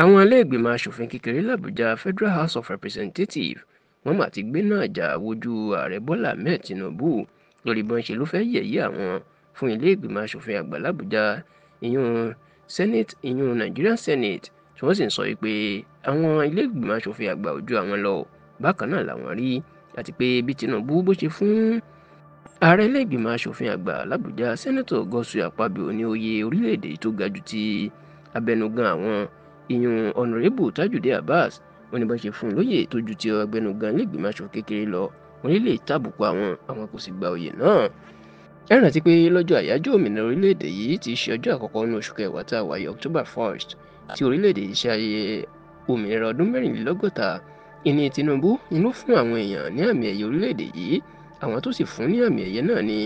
àwọn iléègbìmọ̀ asòfin kékeré làbújá federal house of representatives wọ́n mà ti gbéná àjà wojú ààrẹ bọ́lá ahmed tinubu lórí bọ́n ṣe ló fẹ́ẹ́ yẹ̀yẹ́ àwọn fún iléègbìmọ̀ asòfin àgbà làbújá ìyún senate ìyún nigerian senate tí wọ́n sì ń sọ pé àwọn iléègbìmọ̀ asòfin àgbà ojú àwọn lọ bákan náà làwọn rí àti pé bí tinubu bó ṣe fún ààrẹ iléègbìmọ̀ asòfin àgbà làbújá sẹ́nẹ́tọ̀ gọ́sù àpábíò ní oyè orílẹ̀-èdè tó ga jù ti abẹnugan àwọn ìyún ọ̀nàrẹ́bù tajude abbas wọn ni bá ṣe fún un lóyè tó ju ti ọgbẹnugan lẹ́gbẹ̀mọ aṣòfin kékeré lọ wọn nílé tàbùkù àwọn àwọn kò sì gba oyè náà ẹ rántí pé lọ́jọ́ àyájọ́ òmìnira orílẹ̀-èdè yìí ti ṣe ọjọ́ àkọ́kọ́ nínú oṣù kẹwàá tá a wáyé october first tí orílẹ̀-èdè yìí ṣe ayé òmìnira ọdún mẹ́rìnlélọ́gọ́ta ìní tinubu inú fún àwọn èèyàn ní àmì ẹ̀yẹ orílẹ̀-èdè yìí àwọn tó sì fún ní àmì ẹ̀yẹ náà ni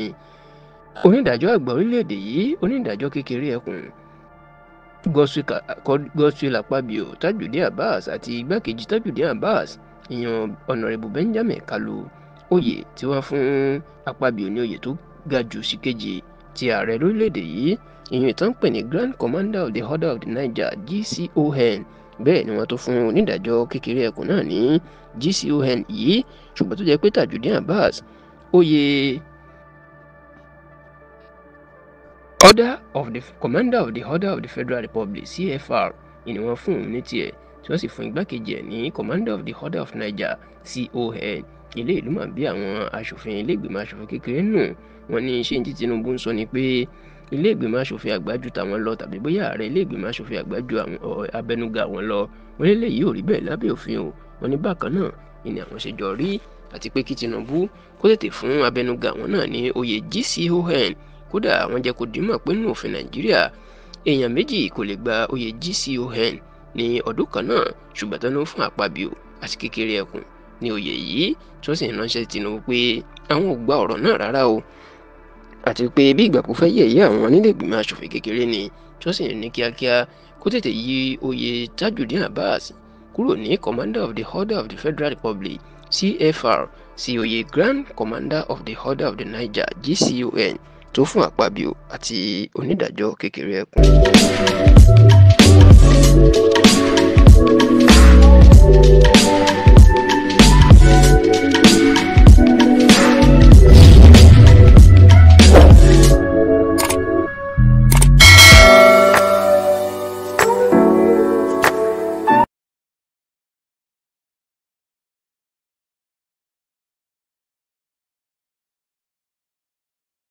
onídàájọ́ àgbà orílẹ̀-èdè yìí onídàájọ́ kékeré ẹkùn godswill akpabio tajudeen abbas àti igbákejì tajudeen abbas ìyàn ọ̀nàrẹ́bù benjamin kalu oyè tí wọ́n fún akpabio ní oyè tó ga jù sí kejì ti ààrẹ lórílẹ̀‐èdè yìí ìyàn ìtàn pè ní grand commander of the order of the niger gcon bẹ́ẹ̀ ni wọ́n tó fún onídàájọ́ kékeré ẹkùn náà ní gcon yìí ṣùgbọ́n tó jẹ́ pé tajudeen abbas oyè order of the commander of the order of the federal republic cfr ìní wọn fún òun ní tiẹ̀ tí wọ́n sì fún igbákejì ẹ̀ ní commander of the order of niger con ilé ìlú mà bí àwọn aṣòfin ilé ìgbìmọ̀ aṣòfin kékeré nù wọ́n ní ṣé ti tinubu ń sọ ni pé ilé ìgbìmọ̀ aṣòfin àgbà ju tàwọn lọ tàbí bóyá ààrẹ ilé ìgbìmọ̀ aṣòfin àgbà ju abẹnugan àwọn lọ wọ́n ní eléyìí ò rí bẹ́ẹ̀ lábẹ́ òfin o wọ́n ní bákan náà ìní àwọn ṣe jọ rí àti pé kí tinubu kó tètè fún abẹnugan àwọn náà ní oyè gcon kódà wọ́n jẹ́ kó dìímọ̀ pé nínú òfin nàìjíríà èèyàn méjì kò lè gba oyè GCON ní ọdún kan náà ṣùgbọ́n tó ń fún àpábíò àti kékeré ẹkùn ní oyè yìí tó sì ń ránṣẹ́ Tinubu pé àwọn ò gba ọ̀rọ̀ náà rárá o àti pé bí ìgbà kò fẹ́ yẹ̀yẹ́ àwọn nílé asòfin kékeré ni tó sì ní kíákíá kó tètè yí oyè Tajudeen Abbas kúrò ní commander of the order of the Federal Republic CFR sí oyè Grand Commander of the Order of the Niger GCON Tófún Àpábíò àti onídàájọ́ Kékeré Ẹkùn.